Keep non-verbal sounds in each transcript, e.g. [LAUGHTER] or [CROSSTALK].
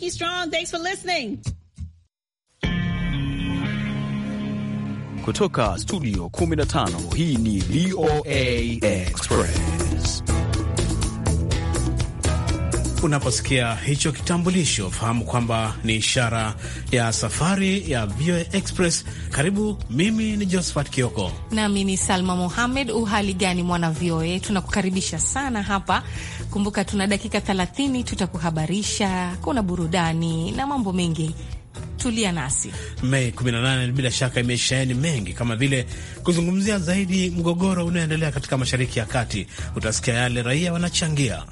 Keep strong. Thanks for listening. Kutoka studio 15 hii ni VOA Express. Unaposikia hicho kitambulisho, fahamu kwamba ni ishara ya safari ya VOA Express. Karibu, mimi ni Josephat Kioko nami ni Salma Mohamed. Uhali gani mwana VOA, tunakukaribisha sana hapa. Kumbuka tuna dakika 30 tutakuhabarisha, kuna burudani na mambo mengi. Tulia nasi. Mei 18 bila shaka imesheheni yaani mengi kama vile kuzungumzia zaidi mgogoro unaoendelea katika Mashariki ya Kati. Utasikia yale raia wanachangia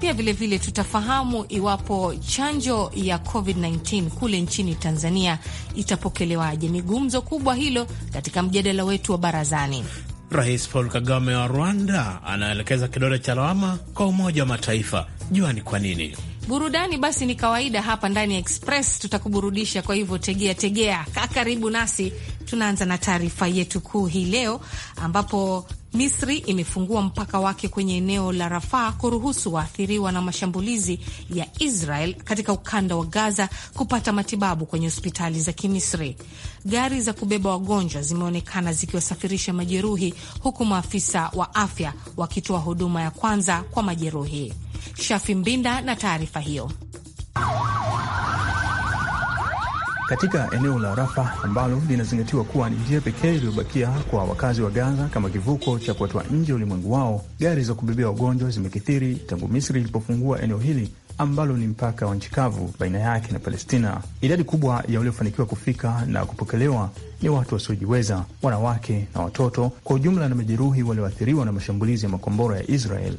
pia vilevile vile tutafahamu iwapo chanjo ya COVID-19 kule nchini Tanzania itapokelewaje. Ni gumzo kubwa hilo katika mjadala wetu wa barazani. Rais Paul Kagame wa Rwanda anaelekeza kidole cha lawama kwa Umoja wa Mataifa. Jua ni kwa nini? Burudani basi ni kawaida hapa ndani ya Express, tutakuburudisha kwa hivyo tegea tegea, kaa karibu nasi. Tunaanza na taarifa yetu kuu hii leo ambapo Misri imefungua mpaka wake kwenye eneo la Rafaa kuruhusu waathiriwa na mashambulizi ya Israel katika ukanda wa Gaza kupata matibabu kwenye hospitali za Kimisri. Gari za kubeba wagonjwa zimeonekana zikiwasafirisha majeruhi, huku maafisa wa afya wakitoa huduma ya kwanza kwa majeruhi. Shafi Mbinda na taarifa hiyo. Katika eneo la Rafa ambalo linazingatiwa kuwa ni njia pekee iliyobakia kwa wakazi wa Gaza kama kivuko cha kuwatoa nje ulimwengu wao, gari za kubebea wagonjwa zimekithiri tangu Misri ilipofungua eneo hili ambalo ni mpaka wa nchi kavu baina yake na Palestina. Idadi kubwa ya waliofanikiwa kufika na kupokelewa ni watu wasiojiweza, wanawake na watoto kwa ujumla, na majeruhi walioathiriwa na mashambulizi ya makombora ya Israel.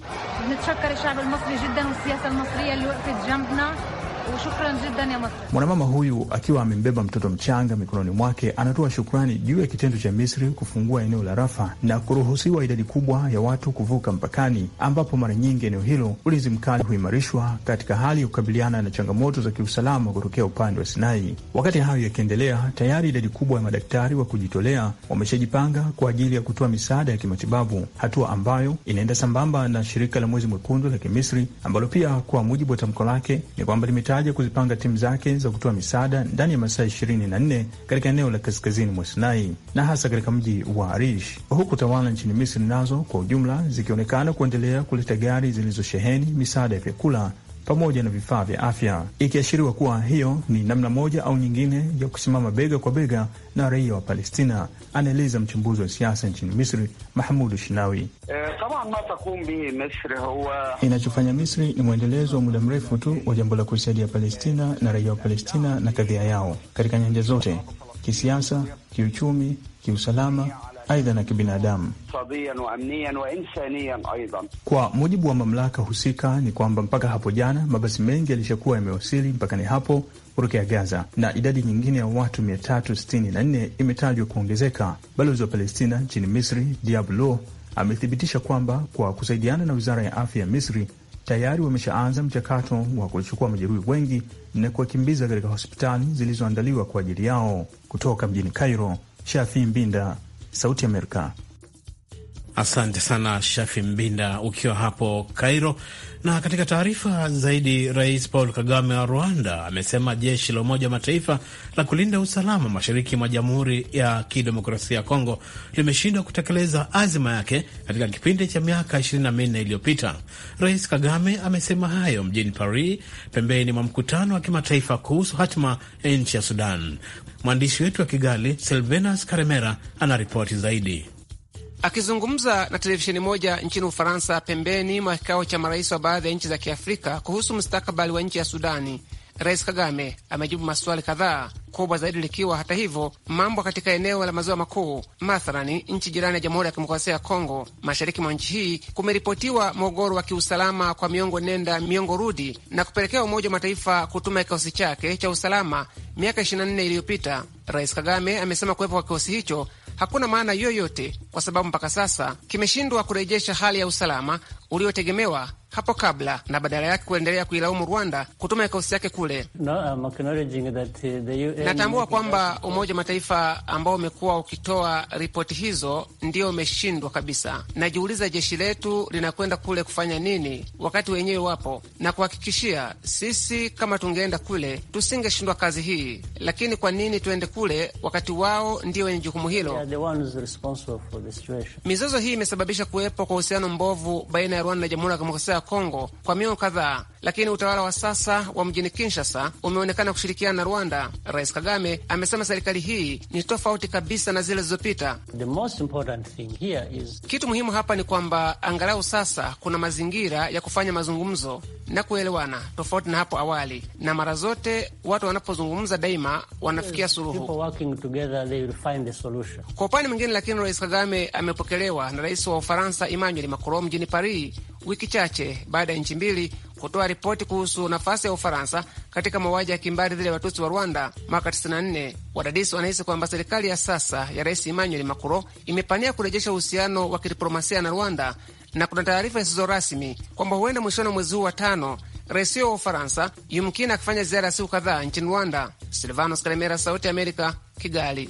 Mwanamama huyu akiwa amembeba mtoto mchanga mikononi mwake anatoa shukrani juu ya kitendo cha Misri kufungua eneo la Rafa na kuruhusiwa idadi kubwa ya watu kuvuka mpakani, ambapo mara nyingi eneo hilo ulinzi mkali huimarishwa katika hali ya kukabiliana na changamoto za kiusalama kutokea upande wa Sinai. Wakati hayo yakiendelea, tayari idadi kubwa ya madaktari wa kujitolea wameshajipanga kwa ajili ya kutoa misaada ya kimatibabu, hatua ambayo inaenda sambamba na shirika la Mwezi Mwekundu la Kimisri ambalo pia kwa mujibu wa tamko lake ni kwamba limetaja kuzipanga timu zake za kutoa misaada ndani ya masaa nne katika eneo la kaskazini mwa Sinai na hasa katika mji wa Arish, huku tawala nchini Misri nazo kwa ujumla zikionekana kuendelea kuleta gari zilizosheheni misaada ya vyakula pamoja na vifaa vya afya, ikiashiriwa kuwa hiyo ni namna moja au nyingine ya kusimama bega kwa bega na raia wa Palestina, anaeleza mchambuzi wa siasa nchini Misri mahmudu Shinawi. Eh, Inachofanya Misri ni mwendelezo wa muda mrefu tu wa jambo la kuisaidia Palestina na raia wa Palestina na kadhia yao katika nyanja zote, kisiasa, kiuchumi, kiusalama aidha na kibinadamu. Kwa mujibu wa mamlaka husika ni kwamba mpaka hapo jana mabasi mengi yalishakuwa yamewasili mpakani hapo kutokea Gaza na idadi nyingine ya watu 364 imetajwa kuongezeka. Balozi wa Palestina nchini Misri diablo amethibitisha kwamba kwa kusaidiana na wizara ya afya ya Misri tayari wameshaanza mchakato wa kuchukua majeruhi wengi na kuwakimbiza katika hospitali zilizoandaliwa kwa ajili yao. Kutoka mjini Cairo, Shafi Mbinda, Sauti Amerika. Asante sana Shafi Mbinda ukiwa hapo Kairo. Na katika taarifa zaidi, Rais Paul Kagame wa Rwanda amesema jeshi la Umoja wa Mataifa la kulinda usalama mashariki mwa Jamhuri ya Kidemokrasia ya Kongo limeshindwa kutekeleza azima yake katika kipindi cha miaka 24 iliyopita. Rais Kagame amesema hayo mjini Paris, pembeni mwa mkutano wa kimataifa kuhusu hatima ya nchi ya Sudan. Mwandishi wetu wa Kigali, Silvenas Karemera, anaripoti zaidi. Akizungumza na televisheni moja nchini Ufaransa pembeni mwa kikao cha marais wa baadhi ya nchi za Kiafrika kuhusu mustakabali wa nchi ya Sudani, Rais Kagame amejibu maswali kadhaa, kubwa zaidi likiwa hata hivyo mambo katika eneo la maziwa makuu, mathalani nchi jirani ya Jamhuri ya Kidemokrasia ya Kongo. Mashariki mwa nchi hii kumeripotiwa mgogoro wa kiusalama kwa miongo nenda miongo rudi, na kupelekea Umoja wa Mataifa kutuma kikosi chake cha usalama miaka 24 iliyopita. Rais Kagame amesema kuwepo kwa kikosi hicho hakuna maana yoyote kwa sababu mpaka sasa kimeshindwa kurejesha hali ya usalama uliotegemewa hapo kabla na badala yake kuendelea kuilaumu Rwanda kutuma kikosi yake kule. No, UN... Uh, natambua kwamba Umoja wa Mataifa ambao umekuwa ukitoa ripoti hizo ndio umeshindwa kabisa. Najiuliza, jeshi letu linakwenda kule kufanya nini wakati wenyewe wapo? Na kuhakikishia sisi, kama tungeenda kule tusingeshindwa kazi hii, lakini kwa nini tuende kule wakati wao ndio wenye jukumu hilo? Mizozo hii imesababisha kuwepo kwa uhusiano mbovu baina ya Rwanda na Jamhuri ya Kidemokrasia Kongo kwa miongo kadhaa lakini utawala wa sasa wa mjini Kinshasa umeonekana kushirikiana na Rwanda. Rais Kagame amesema serikali hii ni tofauti kabisa na zile zilizopita. kitu muhimu hapa ni kwamba angalau sasa kuna mazingira ya kufanya mazungumzo na kuelewana, tofauti na hapo awali, na mara zote watu wanapozungumza daima wanafikia suluhu kwa upande mwingine. Lakini Rais Kagame amepokelewa na rais wa Ufaransa Emmanuel Macron mjini Paris wiki chache baada ya nchi mbili kutoa ripoti kuhusu nafasi ya Ufaransa katika mauaji ya kimbari dhidi ya Watusi wa Rwanda mwaka 94. Wadadisi wanahisi kwamba serikali ya sasa ya Rais Emmanuel Macron imepania kurejesha uhusiano wa kidiplomasia na Rwanda, na kuna taarifa zisizo rasmi kwamba huenda mwishoni mwezi huu wa tano rais huyo wa Ufaransa yumkini akifanya ziara ya siku kadhaa nchini Rwanda. Silvanos Kalemera, Sauti ya Amerika, Kigali.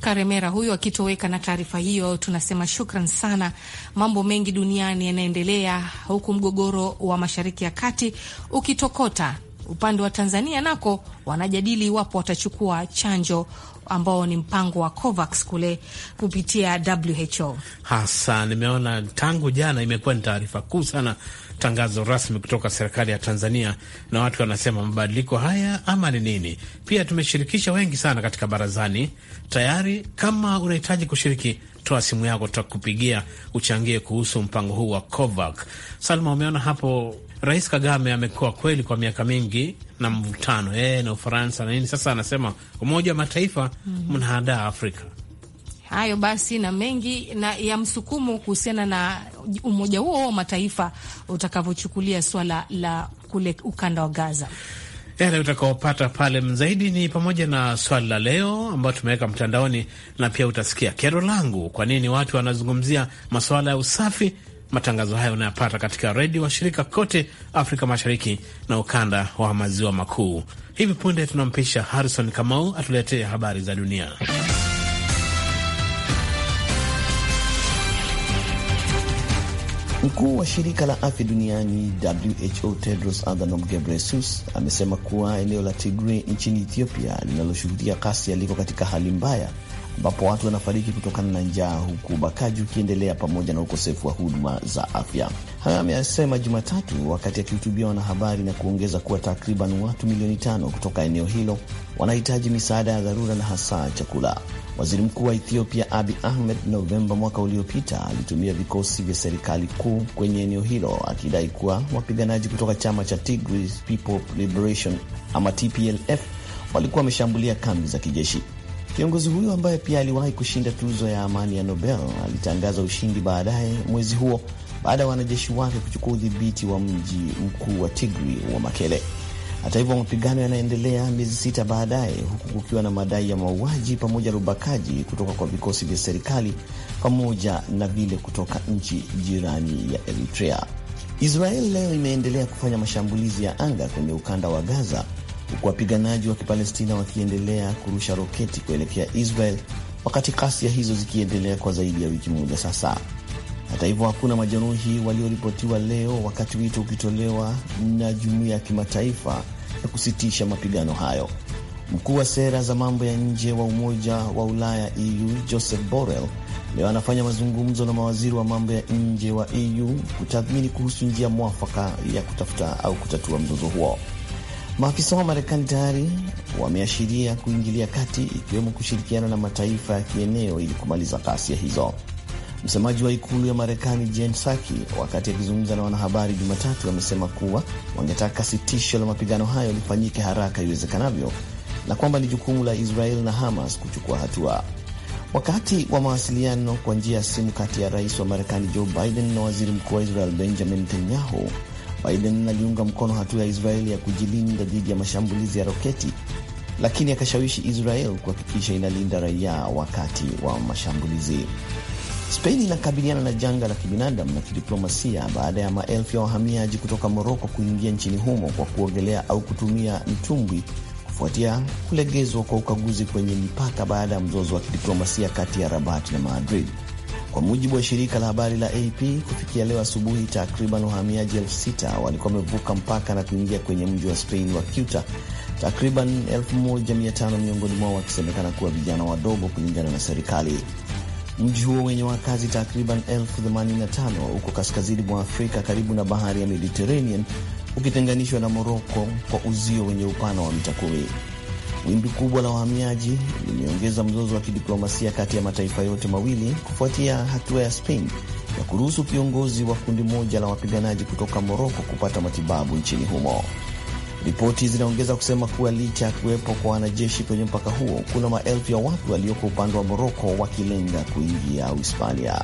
Karemera huyo akitoweka na taarifa hiyo, tunasema shukran sana. Mambo mengi duniani yanaendelea, huku mgogoro wa Mashariki ya Kati ukitokota. Upande wa Tanzania nako wanajadili iwapo watachukua chanjo ambao ni mpango wa COVAX kule kupitia WHO. Hasa nimeona tangu jana imekuwa ni taarifa kuu sana tangazo rasmi kutoka serikali ya Tanzania, na watu wanasema mabadiliko haya ama ni nini? Pia tumeshirikisha wengi sana katika barazani tayari. Kama unahitaji kushiriki, toa simu yako, tutakupigia uchangie kuhusu mpango huu wa Covax. Salma, umeona hapo Rais Kagame amekuwa kweli kwa miaka mingi na mvutano yeye na Ufaransa na nini. Sasa anasema Umoja wa Mataifa mhm. mnahadaa Afrika Hayo basi na mengi na ya msukumo kuhusiana na umoja huo wa mataifa utakavyochukulia swala la kule ukanda wa Gaza. Yale utakaopata pale zaidi ni pamoja na swali la leo ambayo tumeweka mtandaoni, na pia utasikia kero langu, kwa nini watu wanazungumzia masuala ya usafi. Matangazo hayo unayapata katika redio wa shirika kote Afrika Mashariki na ukanda wa maziwa makuu. Hivi punde tunampisha Harrison Kamau atuletee habari za dunia. Mkuu wa shirika la afya duniani WHO Tedros Adhanom Ghebreyesus amesema kuwa eneo la Tigray nchini Ethiopia linaloshuhudia kasi yaliko katika hali mbaya, ambapo watu wanafariki kutokana na njaa, huku ubakaji ukiendelea pamoja na ukosefu wa huduma za afya. Hayo ameyasema Jumatatu wakati akihutubia wanahabari na kuongeza kuwa takriban watu milioni tano kutoka eneo hilo wanahitaji misaada ya dharura na hasa chakula. Waziri mkuu wa Ethiopia Abi Ahmed Novemba mwaka uliopita alitumia vikosi vya serikali kuu kwenye eneo hilo akidai kuwa wapiganaji kutoka chama cha Tigray People Liberation ama TPLF walikuwa wameshambulia kambi za kijeshi. Kiongozi huyo ambaye pia aliwahi kushinda tuzo ya amani ya Nobel alitangaza ushindi baadaye mwezi huo baada ya wanajeshi wake kuchukua udhibiti wa mji mkuu wa Tigray wa Makele. Hata hivyo, mapigano yanaendelea miezi sita baadaye, huku kukiwa na madai ya mauaji pamoja na ubakaji kutoka kwa vikosi vya serikali pamoja na vile kutoka nchi jirani ya Eritrea. Israel leo imeendelea kufanya mashambulizi ya anga kwenye ukanda wa Gaza, huku wapiganaji wa Kipalestina wakiendelea kurusha roketi kuelekea Israel, wakati ghasia hizo zikiendelea kwa zaidi ya wiki moja sasa. Hata hivyo hakuna majeruhi walioripotiwa leo, wakati wito ukitolewa na jumuiya ya kimataifa ya kusitisha mapigano hayo. Mkuu wa sera za mambo ya nje wa Umoja wa Ulaya EU Joseph Borrell leo anafanya mazungumzo na mawaziri wa mambo ya nje wa EU kutathmini kuhusu njia mwafaka ya kutafuta au kutatua mzozo huo. Maafisa wa Marekani tayari wameashiria kuingilia kati, ikiwemo kushirikiana na mataifa ya kieneo ili kumaliza ghasia hizo. Msemaji wa ikulu ya Marekani Jen Psaki, wakati akizungumza na wanahabari Jumatatu, amesema kuwa wangetaka sitisho la mapigano hayo lifanyike haraka iwezekanavyo na kwamba ni jukumu la Israel na Hamas kuchukua hatua. Wakati wa mawasiliano kwa njia ya simu kati ya rais wa Marekani Joe Biden na waziri mkuu wa Israel Benjamin Netanyahu, Biden aliunga mkono hatua ya Israeli ya kujilinda dhidi ya mashambulizi ya roketi, lakini akashawishi Israel kuhakikisha inalinda raia wakati wa mashambulizi. Spain inakabiliana na janga la kibinadamu na kidiplomasia baada ya maelfu ya wahamiaji kutoka Moroko kuingia nchini humo kwa kuogelea au kutumia mtumbwi kufuatia kulegezwa kwa ukaguzi kwenye mipaka baada ya mzozo wa kidiplomasia kati ya Rabat na Madrid. Kwa mujibu wa shirika la habari la AP, kufikia leo asubuhi, takriban wahamiaji elfu sita walikuwa wamevuka mpaka na kuingia kwenye mji wa Spain wa Ceuta, takriban 15 miongoni mwao wakisemekana kuwa vijana wadogo, kulingana na serikali. Mji huo wenye wakazi takriban elfu 85 uko kaskazini mwa Afrika karibu na bahari ya Mediterranean, ukitenganishwa na Moroko kwa uzio wenye upana wa mita kumi. Wimbi kubwa la wahamiaji limeongeza mzozo wa kidiplomasia kati ya mataifa yote mawili kufuatia hatua ya Spain ya kuruhusu kiongozi wa kundi moja la wapiganaji kutoka Moroko kupata matibabu nchini humo. Ripoti zinaongeza kusema kuwa licha ya kuwepo kwa wanajeshi kwenye mpaka huo, kuna maelfu ya watu walioko upande wa Moroko wakilenga kuingia Uhispania.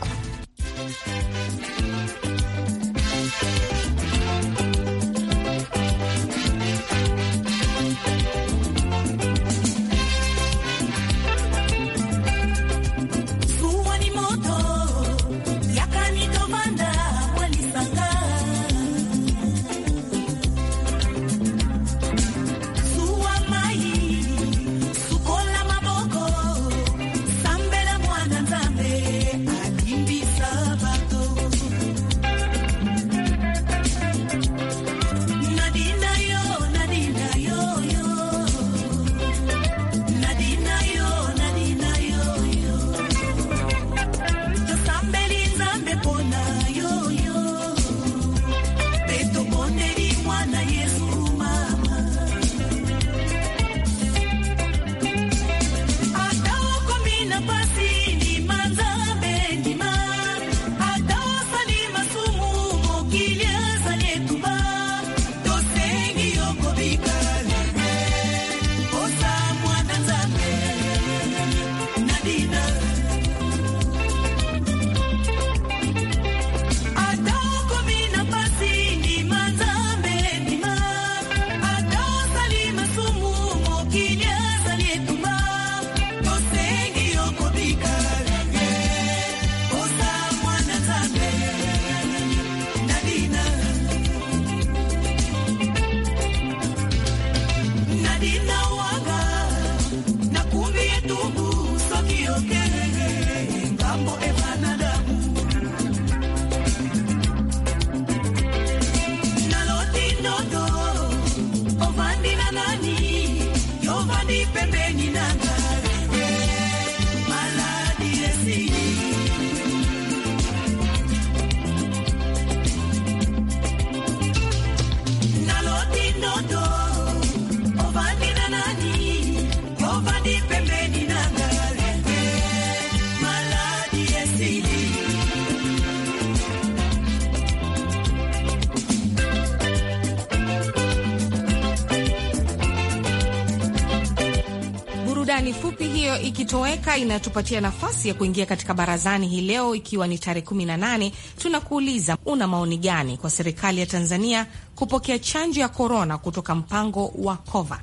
kutoweka inatupatia nafasi ya kuingia katika barazani hii leo, ikiwa ni tarehe 18. Tunakuuliza, una maoni gani kwa serikali ya Tanzania kupokea chanjo ya korona kutoka mpango wa COVAX?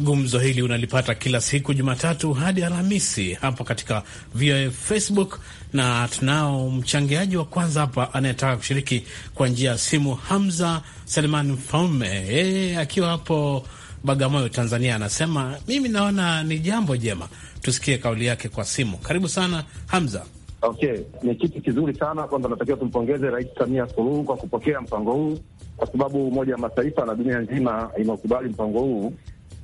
Gumzo hili unalipata kila siku Jumatatu hadi Alhamisi hapa katika VOA Facebook, na tunao mchangiaji wa kwanza hapa anayetaka kushiriki kwa njia ya simu, Hamza Seleman Mfaume, yeye akiwa hapo Bagamoyo, Tanzania, anasema mimi naona ni jambo jema tusikie kauli yake kwa simu. Karibu sana Hamza. Okay, ni kitu kizuri sana. Kwanza natakiwa tumpongeze Rais Samia Suluhu kwa kupokea mpango huu, kwa sababu Umoja wa Mataifa na dunia nzima inaokubali mpango huu.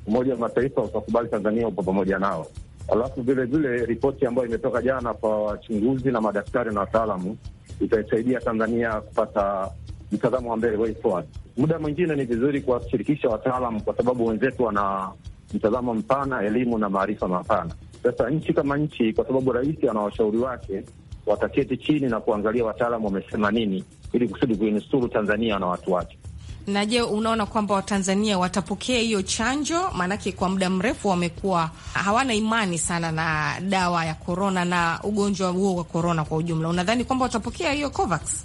Umoja wa Mataifa utakubali Tanzania upo pamoja nao. Alafu vile vile ripoti ambayo imetoka jana kwa wachunguzi na madaktari na wataalamu itaisaidia Tanzania kupata mtazamo wa mbele, way forward. Muda mwingine ni vizuri kuwashirikisha wataalamu, kwa sababu wenzetu wana mtazamo mpana, elimu na maarifa mapana. Sasa nchi kama nchi, kwa sababu rais ana washauri wake, wataketi chini na kuangalia wataalamu wamesema nini, ili kusudi kuinusuru Tanzania na watu wake. Na je, unaona kwamba Watanzania watapokea hiyo chanjo? Maanake kwa muda mrefu wamekuwa hawana imani sana na dawa ya korona na ugonjwa huo wa korona kwa ujumla. Unadhani kwamba watapokea hiyo Covax?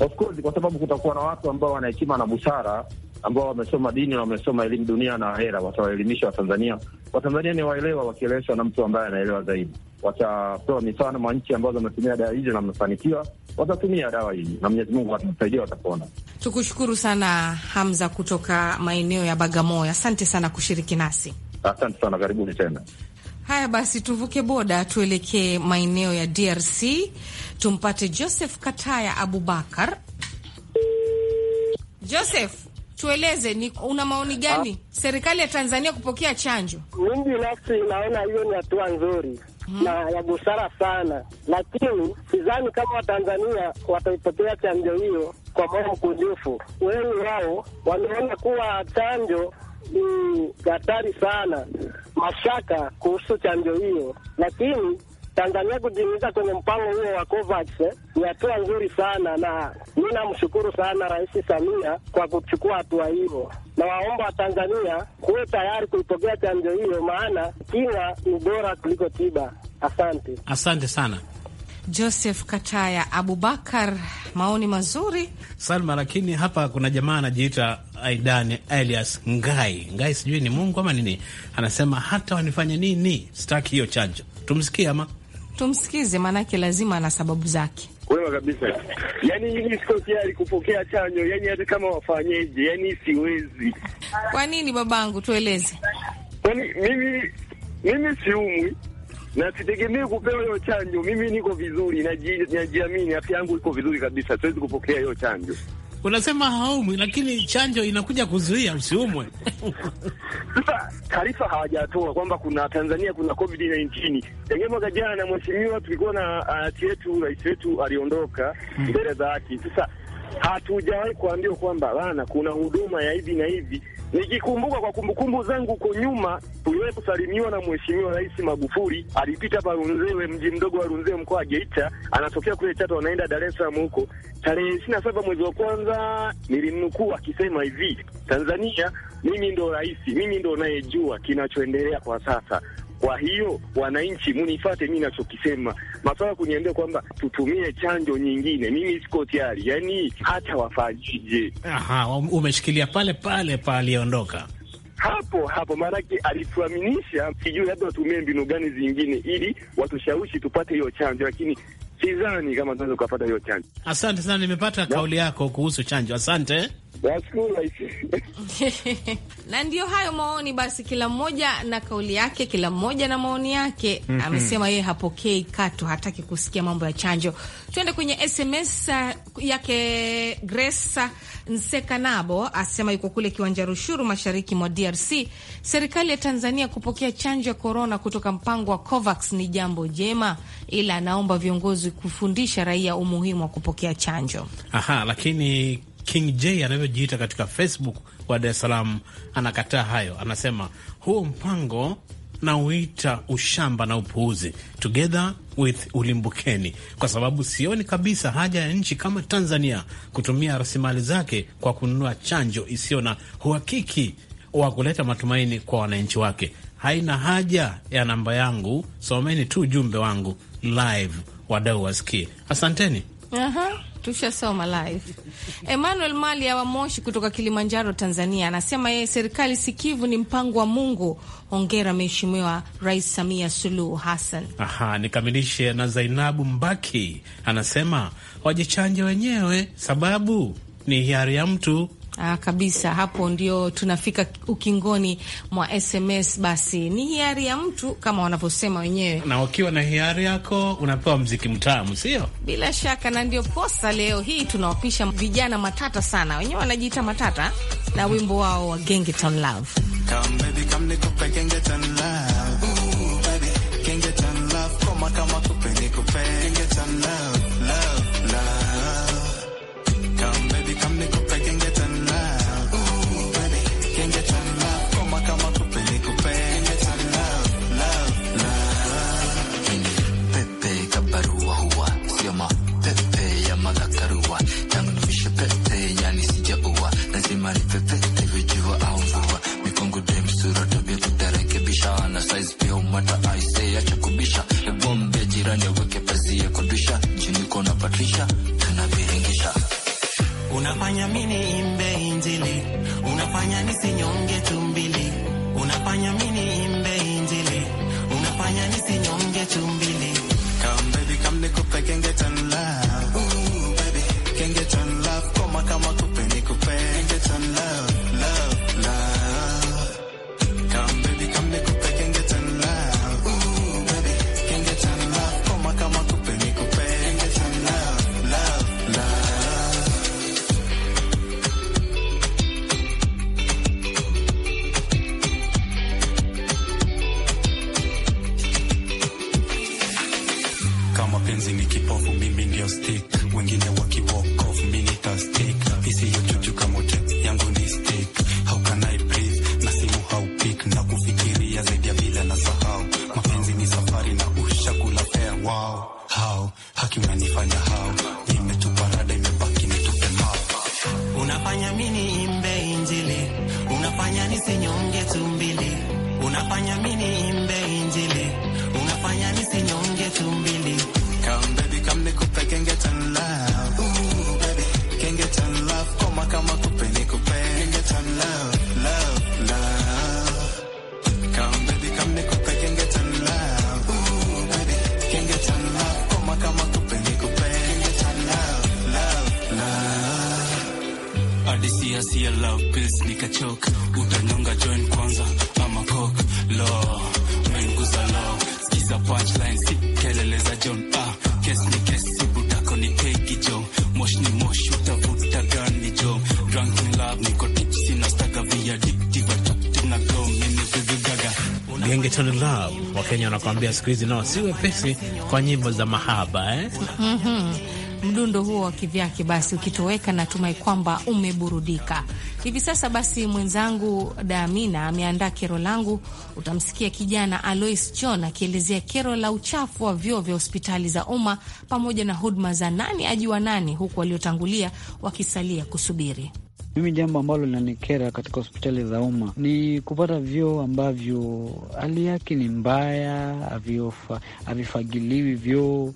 Of course, kwa sababu kutakuwa na watu ambao wana hekima na busara ambao wamesoma dini na wamesoma elimu dunia na ahera, watawaelimisha Watanzania. Watanzania ni waelewa, wakieleweshwa na mtu ambaye anaelewa zaidi. Watapewa mifano mwa nchi ambazo wametumia dawa hizi na wamefanikiwa, watatumia dawa hizi na Mwenyezi Mungu atasaidia, watapona. Tukushukuru sana Hamza kutoka maeneo ya Bagamoyo, asante sana kushiriki nasi. Asante sana, karibuni tena. Haya basi, tuvuke boda tuelekee maeneo ya DRC, tumpate Joseph Kataya Abubakar. Joseph tueleze, ni una maoni gani ah. serikali ya Tanzania kupokea chanjo? Mimi binafsi naona hiyo ni hatua nzuri Hmm, na ya busara sana, lakini sidhani kama Watanzania wataipokea chanjo hiyo kwa moyo mkunjufu. Wengi wao wameona kuwa chanjo ni hatari sana, mashaka kuhusu chanjo hiyo, lakini Tanzania kujiingiza kwenye mpango huo wa COVAX eh, ni hatua nzuri sana, na mi namshukuru sana Rais Samia kwa kuchukua hatua hiyo, na waomba Watanzania kuwe tayari kuipokea chanjo hiyo, maana kinga ni bora kuliko tiba. Asante, asante sana. Joseph Kataya Abubakar, maoni mazuri Salma, lakini hapa kuna jamaa anajiita Aidan Elias Ngai Ngai, sijui ni Mungu ama nini, anasema hata wanifanye nini, sitaki hiyo chanjo. Tumsikie ama Tumsikize, maanake lazima ana sababu zake. Wewe kabisa, yani mimi siko tayari kupokea chanjo, yani hata kama wafanyeje, yani siwezi. Kwa nini babangu? Tueleze. Kwani mimi mimi siumwi na sitegemee kupewa hiyo chanjo. Mimi niko vizuri, najiamini, afya yangu iko vizuri kabisa, siwezi kupokea hiyo chanjo unasema haumwi, lakini chanjo inakuja kuzuia usiumwe. Sasa taarifa hawajatoa kwamba kuna Tanzania kuna covid 19 pengine mwaka jana, mheshimiwa, tulikuwa na uh, ati yetu rais wetu aliondoka hmm. mbele hmm, za haki. Sasa hatujawahi kuambiwa kwamba bana, kuna huduma ya hivi na hivi Nikikumbuka kwa kumbukumbu zangu huko nyuma, tuliwahi kusalimiwa na Mheshimiwa Rais Magufuli, alipita pa Runzewe, mji mdogo wa Runzewe, mkoa wa Geita, anatokea kule Chato, anaenda Dar es Salaam huko. Tarehe ishirini na saba mwezi wa kwanza nilimnukuu akisema hivi, Tanzania, mimi ndo rais, mimi ndo nayejua kinachoendelea kwa sasa kwa hiyo wananchi, munifate mi nachokisema, maswala kuniambia kwamba tutumie chanjo nyingine, mimi siko tayari, yani hata wafanyije. Aha, um, umeshikilia pale pale paliondoka hapo hapo, maanake alituaminisha, sijui labda watumie mbinu gani zingine ili watushawishi tupate hiyo chanjo, lakini sidhani kama tunaweza tukapata hiyo chanjo. Asante sana, nimepata kauli yako kuhusu chanjo. Asante. [LAUGHS] na ndio hayo maoni basi, kila mmoja na kauli yake, kila mmoja na maoni yake. mm -hmm. Amesema yeye hapokei katu, hataki kusikia mambo ya chanjo. Tuende kwenye SMS uh, yake. Gresa Nsekanabo asema yuko kule Kiwanja Rushuru, mashariki mwa DRC. Serikali ya Tanzania kupokea chanjo ya korona kutoka mpango wa COVAX ni jambo jema, ila anaomba viongozi kufundisha raia umuhimu wa kupokea chanjo. Aha, lakini King J anavyojiita katika Facebook wa Dar es Salaam anakataa hayo, anasema huo mpango nauita ushamba na upuuzi together with ulimbukeni, kwa sababu sioni kabisa haja ya nchi kama Tanzania kutumia rasilimali zake kwa kununua chanjo isiyo na uhakiki wa kuleta matumaini kwa wananchi wake. Haina haja ya namba yangu, someni tu ujumbe wangu live, wadau wasikie. Asanteni. -huh. Tushasoma live. Emmanuel Malia wa Moshi kutoka Kilimanjaro, Tanzania, anasema yeye serikali sikivu ni mpango wa Mungu. Hongera Mheshimiwa Rais Samia Suluhu Hassan. Aha, nikamilishe na Zainabu Mbaki anasema wajichanje wenyewe, sababu ni hiari ya mtu. Ah, kabisa hapo ndio tunafika ukingoni mwa SMS. Basi ni hiari ya mtu kama wanavyosema wenyewe, na ukiwa na hiari yako unapewa mziki mtamu, sio? Bila shaka, na ndio posa leo hii tunawapisha vijana matata sana, wenyewe wanajiita matata na wimbo wao wa Genge Love. baby, Colombia siku hizi nao si wepesi kwa nyimbo za mahaba eh? mm -hmm. Mdundo huo wa kivyake basi ukitoweka, natumai kwamba umeburudika hivi sasa. Basi mwenzangu Damina ameandaa kero langu. Utamsikia kijana Alois John akielezea kero la uchafu wa vyoo vya hospitali za umma pamoja na huduma za nani ajua nani, huku waliotangulia wakisalia kusubiri. Mimi jambo ambalo linanikera katika hospitali za umma ni kupata vyoo ambavyo hali yake ni mbaya, havifagiliwi vyoo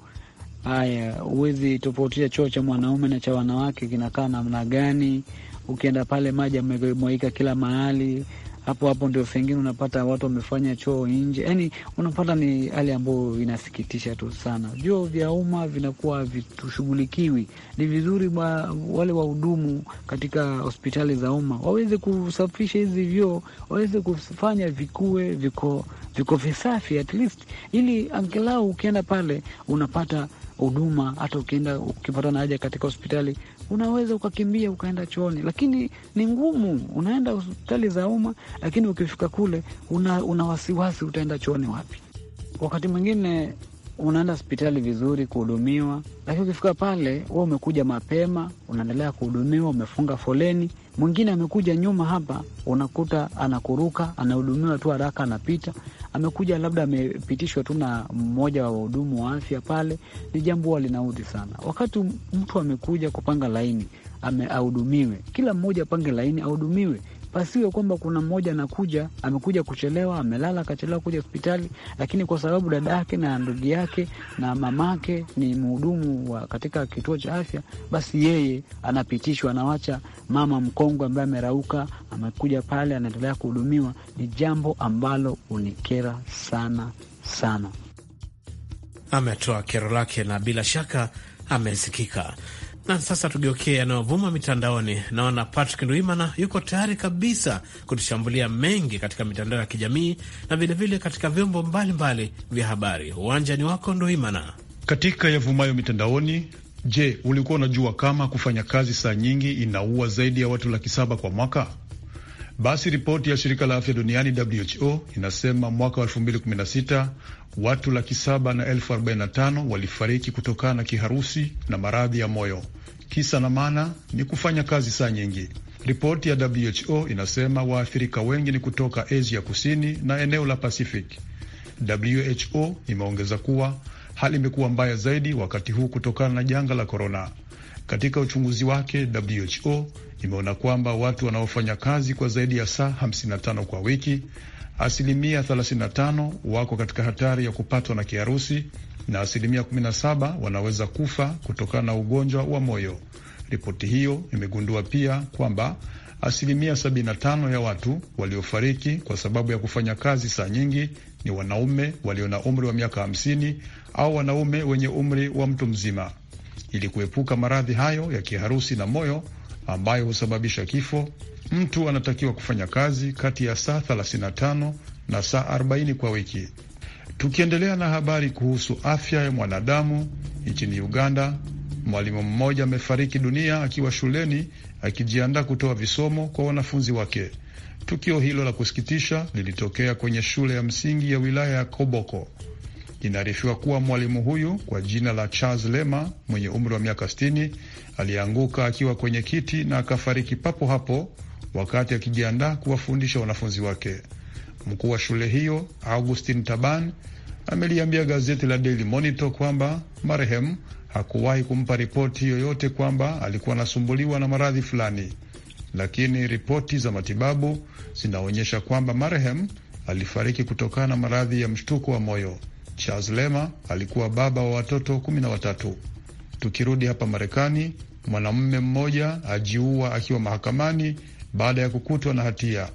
haya. Huwezi tofautisha choo cha mwanaume na cha wanawake kinakaa namna gani. Ukienda pale maji amemwaika kila mahali, hapo hapo ndio sengine unapata watu wamefanya choo nje, yani unapata ni hali ambayo inasikitisha tu sana. Vyoo vya umma vinakuwa vitushughulikiwi. Ni vizuri ma, wale wahudumu katika hospitali za umma waweze kusafisha hizi vyoo, waweze kufanya vikue viko viko visafi at least, ili angalau ukienda pale unapata huduma hata ukienda ukipata na haja katika hospitali unaweza ukakimbia ukaenda chooni, lakini ni ngumu. Unaenda hospitali za umma, lakini ukifika kule una, una wasiwasi utaenda chooni wapi? Wakati mwingine unaenda hospitali vizuri kuhudumiwa, lakini ukifika pale we umekuja mapema, unaendelea kuhudumiwa, umefunga foleni. Mwingine amekuja nyuma hapa, unakuta anakuruka, anahudumiwa tu haraka, anapita amekuja labda amepitishwa tu na mmoja wa wahudumu wa afya pale, ni jambo huwa linaudhi sana. Wakati mtu amekuja kupanga laini ahudumiwe, kila mmoja apange laini ahudumiwe pasiwe kwamba kuna mmoja anakuja amekuja kuchelewa, amelala akachelewa kuja hospitali, lakini kwa sababu dada yake na ndugu yake na mamake ni mhudumu wa katika kituo cha afya, basi yeye anapitishwa, anawacha mama mkongwe ambaye amerauka amekuja pale, anaendelea kuhudumiwa. Ni jambo ambalo unikera sana sana. Ametoa kero lake na bila shaka amesikika. Na sasa tugeokee yanayovuma mitandaoni. Naona Patrick Ndwimana yuko tayari kabisa kutushambulia mengi katika mitandao ya kijamii na vilevile katika vyombo mbalimbali vya habari. Uwanja ni wako Ndwimana. Katika yavumayo mitandaoni, je, ulikuwa unajua kama kufanya kazi saa nyingi inaua zaidi ya watu laki saba kwa mwaka? Basi ripoti ya shirika la afya duniani WHO inasema mwaka wa 2016 watu laki saba na elfu arobaini na tano walifariki kutokana na kiharusi na maradhi ya moyo. Kisa na maana ni kufanya kazi saa nyingi. Ripoti ya WHO inasema waathirika wengi ni kutoka Asia kusini na eneo la Pacific. WHO imeongeza kuwa hali imekuwa mbaya zaidi wakati huu kutokana na janga la korona. Katika uchunguzi wake, WHO imeona kwamba watu wanaofanya kazi kwa zaidi ya saa 55 kwa wiki, asilimia 35 wako katika hatari ya kupatwa na kiharusi na asilimia 17 wanaweza kufa kutokana na ugonjwa wa moyo. Ripoti hiyo imegundua pia kwamba asilimia 75 ya watu waliofariki kwa sababu ya kufanya kazi saa nyingi ni wanaume walio na umri wa miaka 50 au wanaume wenye umri wa mtu mzima ili kuepuka maradhi hayo ya kiharusi na moyo ambayo husababisha kifo. Mtu anatakiwa kufanya kazi kati ya saa 35 na saa 40 kwa wiki. Tukiendelea na habari kuhusu afya ya mwanadamu nchini Uganda, mwalimu mmoja amefariki dunia akiwa shuleni akijiandaa kutoa visomo kwa wanafunzi wake. Tukio hilo la kusikitisha lilitokea kwenye shule ya msingi ya wilaya ya Koboko. Inaarifiwa kuwa mwalimu huyu kwa jina la Charles Lema mwenye umri wa miaka 60 alianguka akiwa kwenye kiti na akafariki papo hapo wakati akijiandaa kuwafundisha wanafunzi wake. Mkuu wa shule hiyo Augustin Taban ameliambia gazeti la Daily Monitor kwamba marehemu hakuwahi kumpa ripoti yoyote kwamba alikuwa anasumbuliwa na maradhi fulani, lakini ripoti za matibabu zinaonyesha kwamba marehemu alifariki kutokana na maradhi ya mshtuko wa moyo. Charles Lema alikuwa baba wa watoto kumi na watatu. Tukirudi hapa Marekani, mwanamume mmoja ajiua akiwa mahakamani baada ya kukutwa na hatia.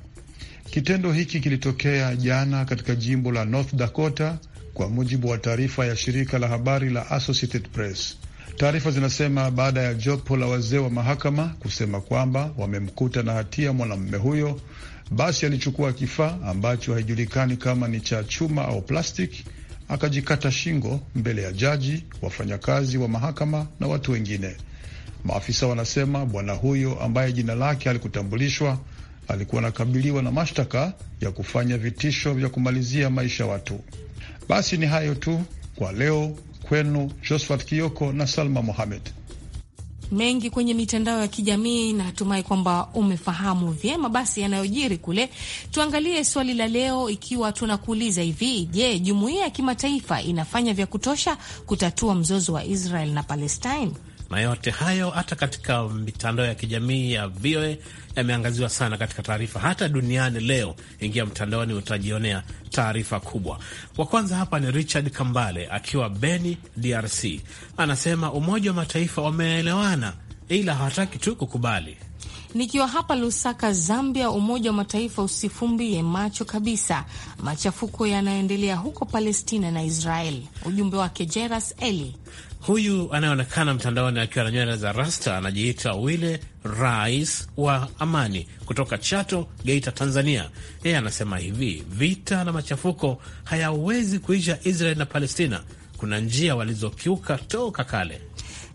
Kitendo hiki kilitokea jana katika jimbo la North Dakota, kwa mujibu wa taarifa ya shirika la habari la Associated Press. Taarifa zinasema baada ya jopo la wazee wa mahakama kusema kwamba wamemkuta na hatia mwanamume huyo, basi alichukua kifaa ambacho haijulikani kama ni cha chuma au plastiki akajikata shingo mbele ya jaji, wafanyakazi wa mahakama na watu wengine. Maafisa wanasema bwana huyo ambaye jina lake alikutambulishwa alikuwa anakabiliwa na mashtaka ya kufanya vitisho vya kumalizia maisha watu. Basi ni hayo tu kwa leo. Kwenu Josephat Kioko na Salma Mohamed mengi kwenye mitandao ya kijamii, na natumai kwamba umefahamu vyema basi yanayojiri kule. Tuangalie swali la leo, ikiwa tunakuuliza hivi: Je, jumuiya ya kimataifa inafanya vya kutosha kutatua mzozo wa Israel na Palestine? na yote hayo hata katika mitandao ya kijamii ya VOA yameangaziwa sana katika taarifa. Hata duniani leo, ingia mtandaoni utajionea taarifa kubwa. Wa kwanza hapa ni Richard Kambale akiwa Beni, DRC, anasema Umoja wa Mataifa wameelewana, ila hawataki tu kukubali. Nikiwa hapa Lusaka, Zambia, Umoja wa Mataifa usifumbie macho kabisa machafuko yanayoendelea huko Palestina na Israel. Ujumbe wake Jeras Eli. Huyu anayeonekana mtandaoni akiwa na nywele za rasta anajiita Wile Rais wa Amani kutoka Chato, Geita, Tanzania. Yeye anasema hivi, vita na machafuko hayawezi kuisha Israel na Palestina, kuna njia walizokiuka toka kale.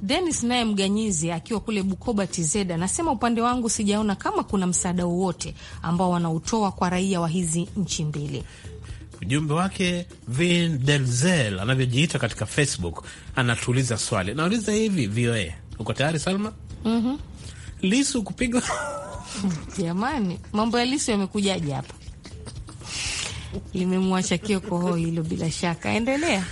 denis naye Mganyizi akiwa kule Bukoba TZ anasema upande wangu sijaona kama kuna msaada wowote ambao wanautoa kwa raia wa hizi nchi mbili. Ujumbe wake Vin Delzel anavyojiita katika Facebook anatuuliza swali, nauliza hivi VOA, uko tayari Salma? mm -hmm. Lisu kupigwa jamani, mambo ya Lisu yamekujaje hapa? Limemwacha kiokoho hilo, bila shaka. Endelea.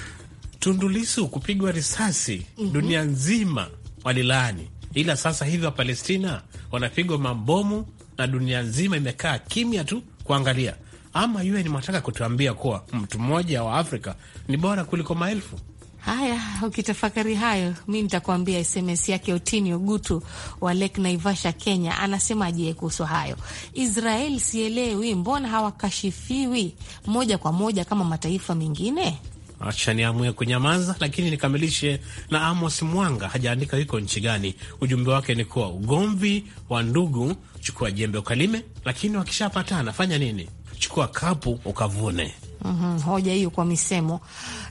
Tundu Lisu kupigwa risasi mm -hmm. dunia nzima walilaani, ila sasa hivi Wapalestina wanapigwa mabomu na dunia nzima imekaa kimya tu kuangalia ama yue ni mataka kutuambia kuwa mtu mmoja wa Afrika ni bora kuliko maelfu? Haya, ukitafakari hayo, mi nitakuambia SMS yake Otini Ogutu wa Lake Naivasha, Kenya, anasemaje kuhusu hayo? Israel sielewi, mbona hawakashifiwi moja kwa moja kama mataifa mengine? Acha niamue kunyamaza, lakini nikamilishe na Amos Mwanga. Hajaandika yuko nchi gani. Ujumbe wake ni kuwa ugomvi wa ndugu, chukua jembe ukalime, lakini wakishapatana fanya nini? chukua kapu ukavune. Mm -hmm, hoja hiyo kwa misemo.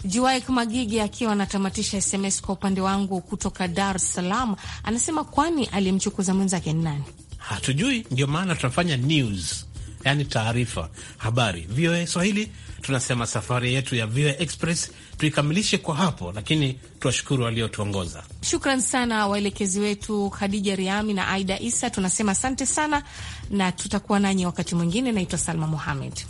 Juaik Magigi akiwa anatamatisha SMS kwa upande wangu kutoka Dar es Salaam anasema kwani aliyemchukuza mwenzake ni nani? Hatujui, ndio maana tunafanya news, yani taarifa habari. VOA Swahili tunasema safari yetu ya VOA Express tuikamilishe kwa hapo, lakini tuwashukuru waliotuongoza. Shukran sana waelekezi wetu Khadija Riami na Aida Isa, tunasema asante sana na tutakuwa nanyi wakati mwingine. Naitwa Salma Muhamed.